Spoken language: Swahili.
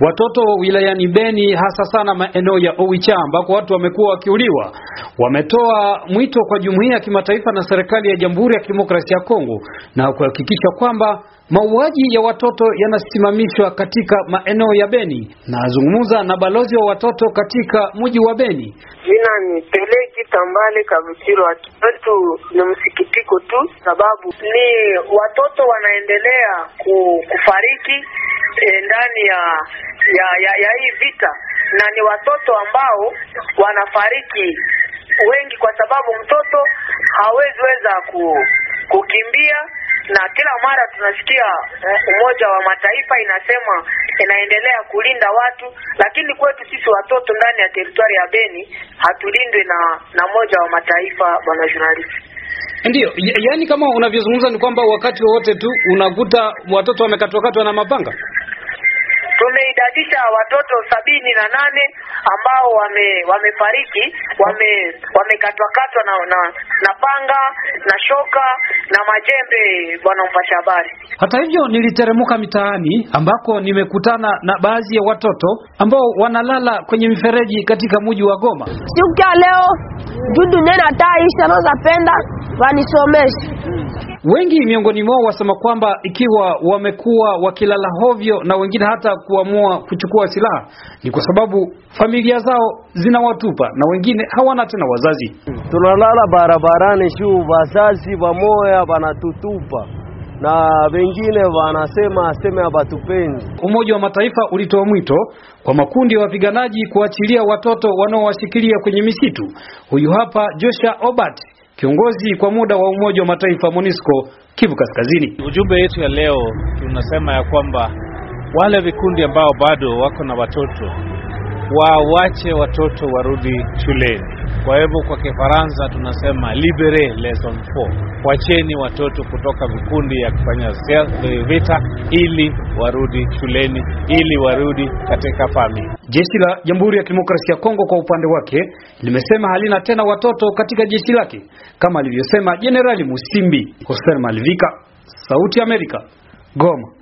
Watoto wilayani Beni hasa sana maeneo ya Owicha ambako watu wamekuwa wakiuliwa wametoa mwito kwa jumuiya ya kimataifa na serikali ya Jamhuri ya Kidemokrasia ya Kongo na kuhakikisha kwamba mauaji ya watoto yanasimamishwa katika maeneo ya Beni. Nazungumza na balozi wa watoto katika mji wa Beni. Jina ni Pele Kitambale Kavukiro. Wetu ni msikitiko tu, sababu ni watoto wanaendelea kufariki eh, ndani ya ya, ya, ya hii vita, na ni watoto ambao wanafariki wengi, kwa sababu mtoto hawezi weza ku, kukimbia na kila mara tunasikia Umoja wa Mataifa inasema inaendelea kulinda watu, lakini kwetu sisi watoto ndani ya teritwari ya Beni hatulindwi na na Umoja wa Mataifa, bwana journalist. Ndiyo, yaani kama unavyozungumza ni kwamba wakati wowote tu unakuta watoto wamekatwakatwa na mapanga wameidadisha watoto sabini na nane ambao wame, wamefariki wame wamekatwakatwa na, na na panga na shoka na majembe. Bwana mpasha habari. Hata hivyo, niliteremka mitaani ambako nimekutana na baadhi ya watoto ambao wanalala kwenye mifereji katika mji wa Goma. Siku ya leo dudu nena taisha anaweza penda wanisomeshe. Wengi miongoni mwao wasema kwamba ikiwa wamekuwa wakilala hovyo na wengine hata kuamua kuchukua silaha ni kwa sababu familia zao zinawatupa na wengine hawana tena wazazi. Tunalala barabarani juu wazazi wamoya wanatutupa na wengine wanasema aseme abatupenzi. Umoja wa Mataifa ulitoa mwito kwa makundi ya wapiganaji kuachilia watoto wanaowashikilia kwenye misitu. Huyu hapa Joshua Obert kiongozi kwa muda wa Umoja wa Mataifa MONUSCO Kivu Kaskazini. Ujumbe yetu ya leo tunasema ya kwamba wale vikundi ambao bado wako na watoto waache watoto warudi shuleni. Kwa hivyo kwa Kifaransa tunasema libere les enfants, wacheni watoto kutoka vikundi ya kufanya vita ili warudi shuleni, ili warudi katika familia. Jeshi la Jamhuri ya Kidemokrasia ya Kongo kwa upande wake limesema halina tena watoto katika jeshi lake kama alivyosema Jenerali Musimbi. hosen malivika Sauti ya Amerika, Goma.